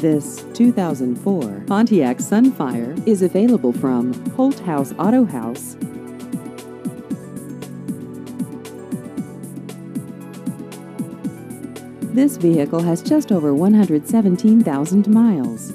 This 2004 Pontiac Sunfire is available from Holt House Auto House. This vehicle has just over 117,000 miles.